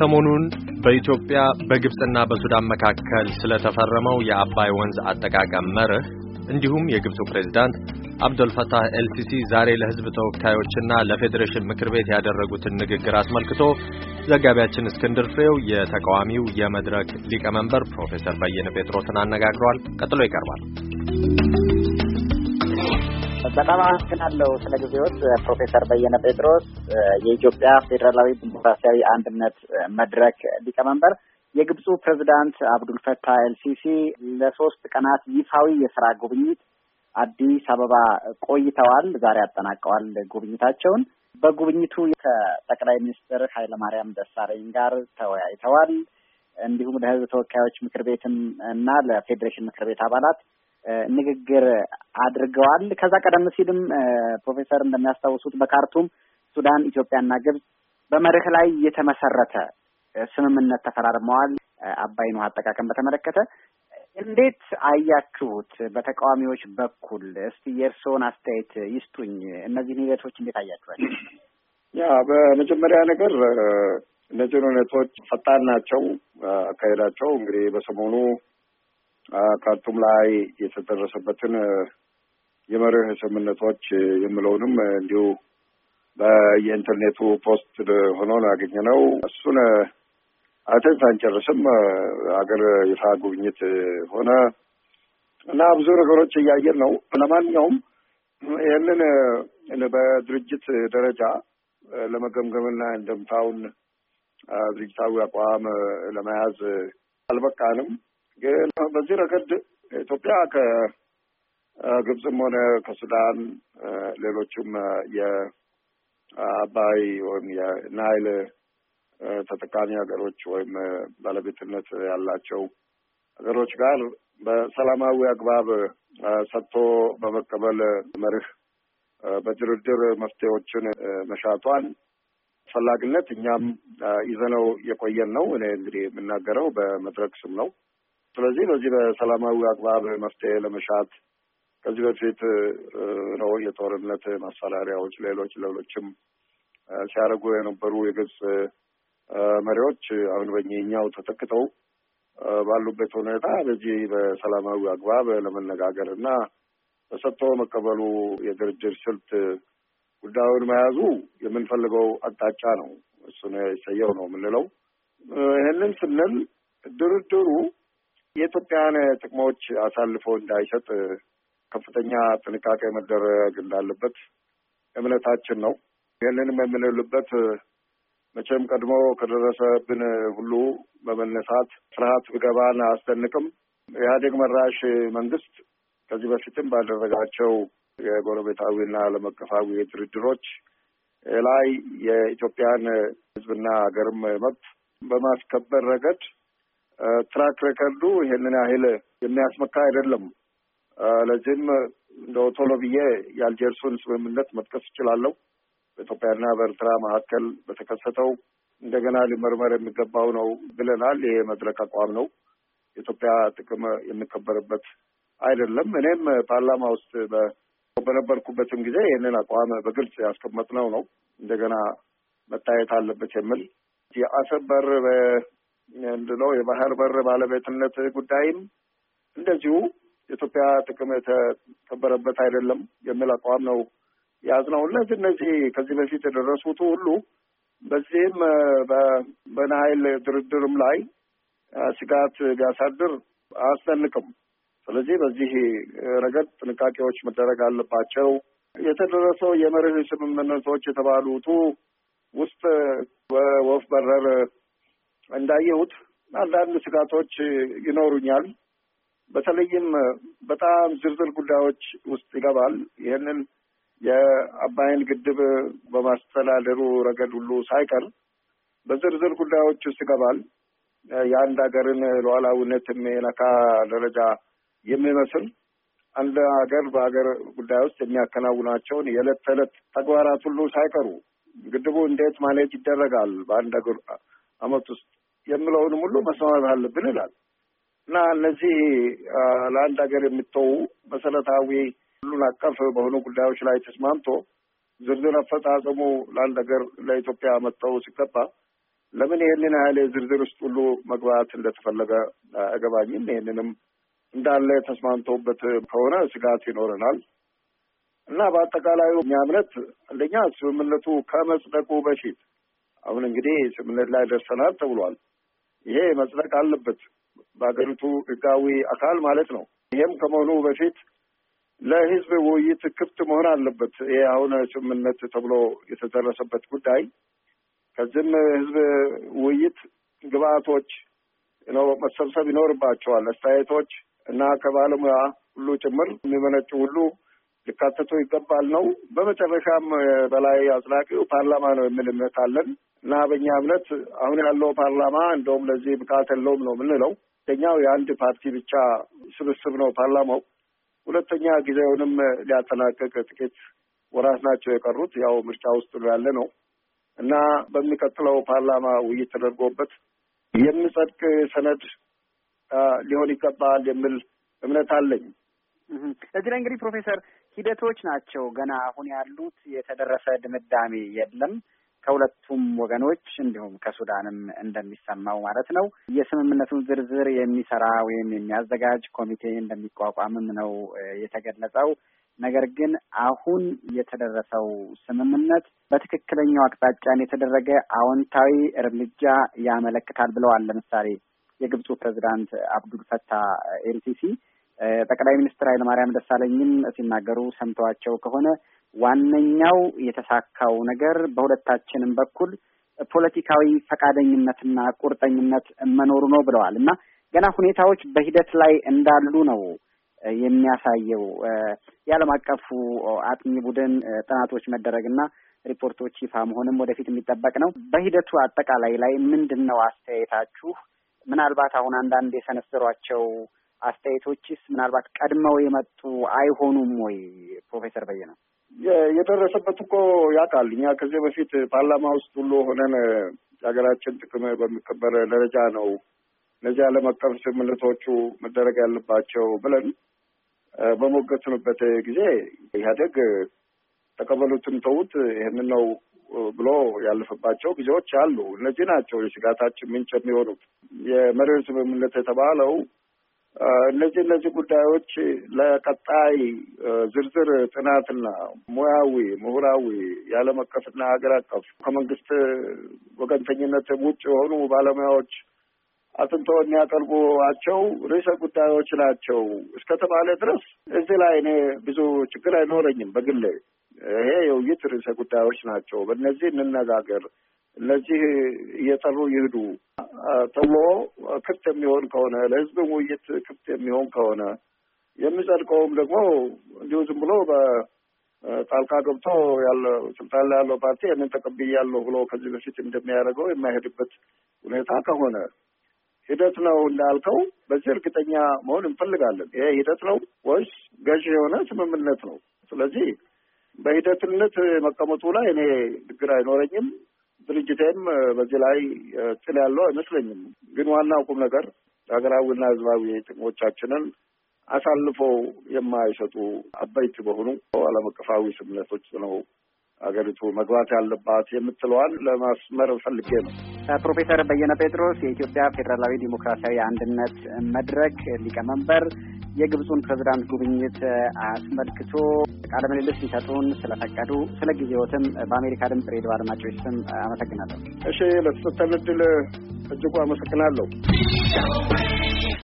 ሰሞኑን በኢትዮጵያ በግብፅና በሱዳን መካከል ስለተፈረመው የአባይ ወንዝ አጠቃቀም መርህ እንዲሁም የግብፁ ፕሬዝዳንት አብዶልፈታህ ኤልሲሲ ዛሬ ለሕዝብ ተወካዮችና ለፌዴሬሽን ምክር ቤት ያደረጉትን ንግግር አስመልክቶ ዘጋቢያችን እስክንድር ፍሬው የተቃዋሚው የመድረክ ሊቀመንበር ፕሮፌሰር በየነ ጴጥሮስን አነጋግሯል። ቀጥሎ ይቀርባል። በጣም አመሰግናለሁ ስለ ጊዜዎት ፕሮፌሰር በየነ ጴጥሮስ የኢትዮጵያ ፌዴራላዊ ዲሞክራሲያዊ አንድነት መድረክ ሊቀመንበር። የግብፁ ፕሬዚዳንት አብዱልፈታ ኤልሲሲ ለሶስት ቀናት ይፋዊ የስራ ጉብኝት አዲስ አበባ ቆይተዋል። ዛሬ አጠናቀዋል ጉብኝታቸውን። በጉብኝቱ ከጠቅላይ ሚኒስትር ኃይለማርያም ደሳለኝ ጋር ተወያይተዋል። እንዲሁም ለህዝብ ተወካዮች ምክር ቤትም እና ለፌዴሬሽን ምክር ቤት አባላት ንግግር አድርገዋል። ከዛ ቀደም ሲልም ፕሮፌሰር እንደሚያስታውሱት በካርቱም ሱዳን፣ ኢትዮጵያና ግብጽ በመርህ ላይ የተመሰረተ ስምምነት ተፈራርመዋል። አባይን ውሃ አጠቃቀም በተመለከተ እንዴት አያችሁት? በተቃዋሚዎች በኩል እስቲ የእርስዎን አስተያየት ይስጡኝ። እነዚህን ሂደቶች እንዴት አያችኋል? ያ በመጀመሪያ ነገር እነዚህን ሁኔታዎች ፈጣን ናቸው አካሄዳቸው። እንግዲህ በሰሞኑ ካርቱም ላይ የተደረሰበትን የመርህ ስምምነቶች የምለውንም እንዲሁ በየኢንተርኔቱ ፖስት ሆኖ ያገኘ ነው። እሱን አይተን ሳንጨርስም ሀገር ይፋ ጉብኝት ሆነ እና ብዙ ነገሮች እያየን ነው። ለማንኛውም ይህንን በድርጅት ደረጃ ለመገምገምና እንደምታውን ድርጅታዊ አቋም ለመያዝ አልበቃንም። በዚህ ረገድ ኢትዮጵያ ከግብፅም ሆነ ከሱዳን ሌሎችም የአባይ ወይም የናይል ተጠቃሚ ሀገሮች ወይም ባለቤትነት ያላቸው ሀገሮች ጋር በሰላማዊ አግባብ ሰጥቶ በመቀበል መርህ በድርድር መፍትሄዎችን መሻቷን አስፈላጊነት እኛም ይዘነው የቆየን ነው። እኔ እንግዲህ የምናገረው በመድረክ ስም ነው። ስለዚህ በዚህ በሰላማዊ አግባብ መፍትሄ ለመሻት ከዚህ በፊት ነው የጦርነት ማስፈራሪያዎች ሌሎች ሌሎችም ሲያደርጉ የነበሩ የግብጽ መሪዎች አሁን በእኛው ተተክተው ባሉበት ሁኔታ በዚህ በሰላማዊ አግባብ ለመነጋገር እና በሰጥቶ መቀበሉ የድርድር ስልት ጉዳዩን መያዙ የምንፈልገው አቅጣጫ ነው። እሱን የሰየው ነው የምንለው። ይህንን ስንል ድርድሩ የኢትዮጵያን ጥቅሞች አሳልፎ እንዳይሰጥ ከፍተኛ ጥንቃቄ መደረግ እንዳለበት እምነታችን ነው። ይህንንም የምንልበት መቼም ቀድሞ ከደረሰብን ሁሉ በመነሳት ፍርሃት ብገባን አያስደንቅም። ኢህአዴግ መራሽ መንግስት ከዚህ በፊትም ባደረጋቸው የጎረቤታዊና ዓለም አቀፋዊ ድርድሮች ላይ የኢትዮጵያን ሕዝብና ሀገርም መብት በማስከበር ረገድ ትራክ ሬከርዱ ይሄንን ያህል የሚያስመካ አይደለም። ለዚህም እንደ ቶሎ ብዬ የአልጀርሱን ስምምነት መጥቀስ እችላለሁ። በኢትዮጵያና በኤርትራ መካከል በተከሰተው እንደገና ሊመርመር የሚገባው ነው ብለናል። ይሄ መድረክ አቋም ነው። የኢትዮጵያ ጥቅም የሚከበርበት አይደለም። እኔም ፓርላማ ውስጥ በነበርኩበትም ጊዜ ይህንን አቋም በግልጽ ያስቀመጥነው ነው። እንደገና መታየት አለበት የሚል የአሰብ በር ነው የባህር በር ባለቤትነት ጉዳይም እንደዚሁ የኢትዮጵያ ጥቅም የተከበረበት አይደለም የሚል አቋም ነው ያዝነው። እነዚህ እነዚህ ከዚህ በፊት የደረሱት ሁሉ በዚህም በናይል ድርድርም ላይ ስጋት ቢያሳድር አያስደንቅም። ስለዚህ በዚህ ረገድ ጥንቃቄዎች መደረግ አለባቸው። የተደረሰው የመርህ ስምምነቶች የተባሉቱ ውስጥ በወፍ በረር እንዳየሁት አንዳንድ ስጋቶች ይኖሩኛል። በተለይም በጣም ዝርዝር ጉዳዮች ውስጥ ይገባል። ይህንን የአባይን ግድብ በማስተዳደሩ ረገድ ሁሉ ሳይቀር በዝርዝር ጉዳዮች ውስጥ ይገባል። የአንድ ሀገርን ሉዓላዊነት የሚነካ ደረጃ የሚመስል አንድ ሀገር በሀገር ጉዳይ ውስጥ የሚያከናውናቸውን የዕለት ተዕለት ተግባራት ሁሉ ሳይቀሩ ግድቡ እንዴት ማኔጅ ይደረጋል በአንድ አመት ውስጥ የምለውንም ሁሉ መስማማት አለብን ይላል እና እነዚህ ለአንድ ሀገር የሚተዉ መሰረታዊ ሁሉን አቀፍ በሆኑ ጉዳዮች ላይ ተስማምቶ ዝርዝር አፈጻጸሙ ለአንድ ሀገር ለኢትዮጵያ መተው ሲገባ ለምን ይህንን ያህል ዝርዝር ውስጥ ሁሉ መግባት እንደተፈለገ አገባኝም። ይህንንም እንዳለ ተስማምተውበት ከሆነ ስጋት ይኖረናል እና በአጠቃላዩ እኛ እምነት አንደኛ ስምምነቱ ከመጽደቁ በፊት አሁን እንግዲህ ስምምነት ላይ ደርሰናል ተብሏል። ይሄ መጽደቅ አለበት በሀገሪቱ ህጋዊ አካል ማለት ነው። ይሄም ከመሆኑ በፊት ለህዝብ ውይይት ክፍት መሆን አለበት። ይሄ አሁን ስምምነት ተብሎ የተደረሰበት ጉዳይ ከዚህም ህዝብ ውይይት ግብአቶች መሰብሰብ ይኖርባቸዋል። አስተያየቶች እና ከባለሙያ ሁሉ ጭምር የሚመነጩ ሁሉ ሊካተቱ ይገባል ነው። በመጨረሻም በላይ አጽናቂው ፓርላማ ነው የሚል እምነት አለን። እና በእኛ እምነት አሁን ያለው ፓርላማ እንደውም ለዚህ ብቃት የለውም ነው የምንለው። አንደኛው የአንድ ፓርቲ ብቻ ስብስብ ነው ፓርላማው። ሁለተኛ ጊዜውንም ሊያጠናቀቅ ጥቂት ወራት ናቸው የቀሩት። ያው ምርጫ ውስጥ ነው ያለ ነው እና በሚቀጥለው ፓርላማ ውይይት ተደርጎበት የሚጸድቅ ሰነድ ሊሆን ይገባል የሚል እምነት አለኝ። እዚህ ላይ እንግዲህ ፕሮፌሰር ሂደቶች ናቸው ገና አሁን ያሉት የተደረሰ ድምዳሜ የለም። ከሁለቱም ወገኖች እንዲሁም ከሱዳንም እንደሚሰማው ማለት ነው የስምምነቱን ዝርዝር የሚሰራ ወይም የሚያዘጋጅ ኮሚቴ እንደሚቋቋምም ነው የተገለጸው። ነገር ግን አሁን የተደረሰው ስምምነት በትክክለኛው አቅጣጫን የተደረገ አዎንታዊ እርምጃ ያመለክታል ብለዋል። ለምሳሌ የግብፁ ፕሬዚዳንት አብዱል ፈታ ኤልሲሲ ጠቅላይ ሚኒስትር ኃይለማርያም ደሳለኝም ሲናገሩ ሰምተዋቸው ከሆነ ዋነኛው የተሳካው ነገር በሁለታችንም በኩል ፖለቲካዊ ፈቃደኝነትና ቁርጠኝነት መኖሩ ነው ብለዋል እና ገና ሁኔታዎች በሂደት ላይ እንዳሉ ነው የሚያሳየው። የዓለም አቀፉ አጥኚ ቡድን ጥናቶች መደረግና ሪፖርቶች ይፋ መሆንም ወደፊት የሚጠበቅ ነው። በሂደቱ አጠቃላይ ላይ ምንድን ነው አስተያየታችሁ? ምናልባት አሁን አንዳንድ የሰነዘሯቸው አስተያየቶችስ ምናልባት ቀድመው የመጡ አይሆኑም ወይ? ፕሮፌሰር በየነው። የደረሰበት እኮ ያውቃል። እኛ ከዚህ በፊት ፓርላማ ውስጥ ሁሉ ሆነን የሀገራችን ጥቅም በሚከበር ደረጃ ነው እነዚህ ዓለም አቀፍ ስምምነቶቹ መደረግ ያለባቸው ብለን በሞገትንበት ጊዜ ኢህአዴግ ተቀበሉትን ተዉት፣ ይህንን ነው ብሎ ያለፈባቸው ጊዜዎች አሉ። እነዚህ ናቸው የስጋታችን ምንጭ የሚሆኑት። የመሪዎች ስምምነት የተባለው እነዚህ እነዚህ ጉዳዮች ለቀጣይ ዝርዝር ጥናትና ሙያዊ ምሁራዊ የዓለም አቀፍና ሀገር አቀፍ ከመንግስት ወገንተኝነት ውጭ የሆኑ ባለሙያዎች አጥንተው የሚያቀርቡቸው ርዕሰ ጉዳዮች ናቸው እስከተባለ ድረስ እዚህ ላይ እኔ ብዙ ችግር አይኖረኝም። በግሌ ይሄ የውይይት ርዕሰ ጉዳዮች ናቸው፣ በእነዚህ እንነጋገር እነዚህ እየጠሩ ይሄዱ ተብሎ ክፍት የሚሆን ከሆነ ለህዝብ ውይይት ክፍት የሚሆን ከሆነ የሚጸድቀውም ደግሞ እንዲሁ ዝም ብሎ በጣልቃ ገብቶ ያለ ስልጣን ላይ ያለው ፓርቲ ያንን ተቀብያለሁ ብሎ ከዚህ በፊት እንደሚያደርገው የማይሄድበት ሁኔታ ከሆነ ሂደት ነው እንዳልከው፣ በዚህ እርግጠኛ መሆን እንፈልጋለን። ይሄ ሂደት ነው ወይስ ገዥ የሆነ ስምምነት ነው? ስለዚህ በሂደትነት መቀመጡ ላይ እኔ ችግር አይኖረኝም። ድርጅቴም በዚህ ላይ ጥል ያለው አይመስለኝም። ግን ዋናው ቁም ነገር ሀገራዊና ሕዝባዊ ጥቅሞቻችንን አሳልፈው የማይሰጡ አበይት በሆኑ ዓለም አቀፋዊ ስምምነቶች ነው አገሪቱ መግባት ያለባት የምትለዋን ለማስመር ፈልጌ ነው። ፕሮፌሰር በየነ ጴጥሮስ የኢትዮጵያ ፌዴራላዊ ዲሞክራሲያዊ አንድነት መድረክ ሊቀመንበር የግብፁን ፕሬዚዳንት ጉብኝት አስመልክቶ ቃለ ምልልስ ሊሰጡን ስለፈቀዱ ስለ ጊዜዎትም በአሜሪካ ድምፅ ሬዲዮ አድማጮች ስም አመሰግናለሁ። እሺ፣ ለተሰጠን እድል እጅጉ አመሰግናለሁ።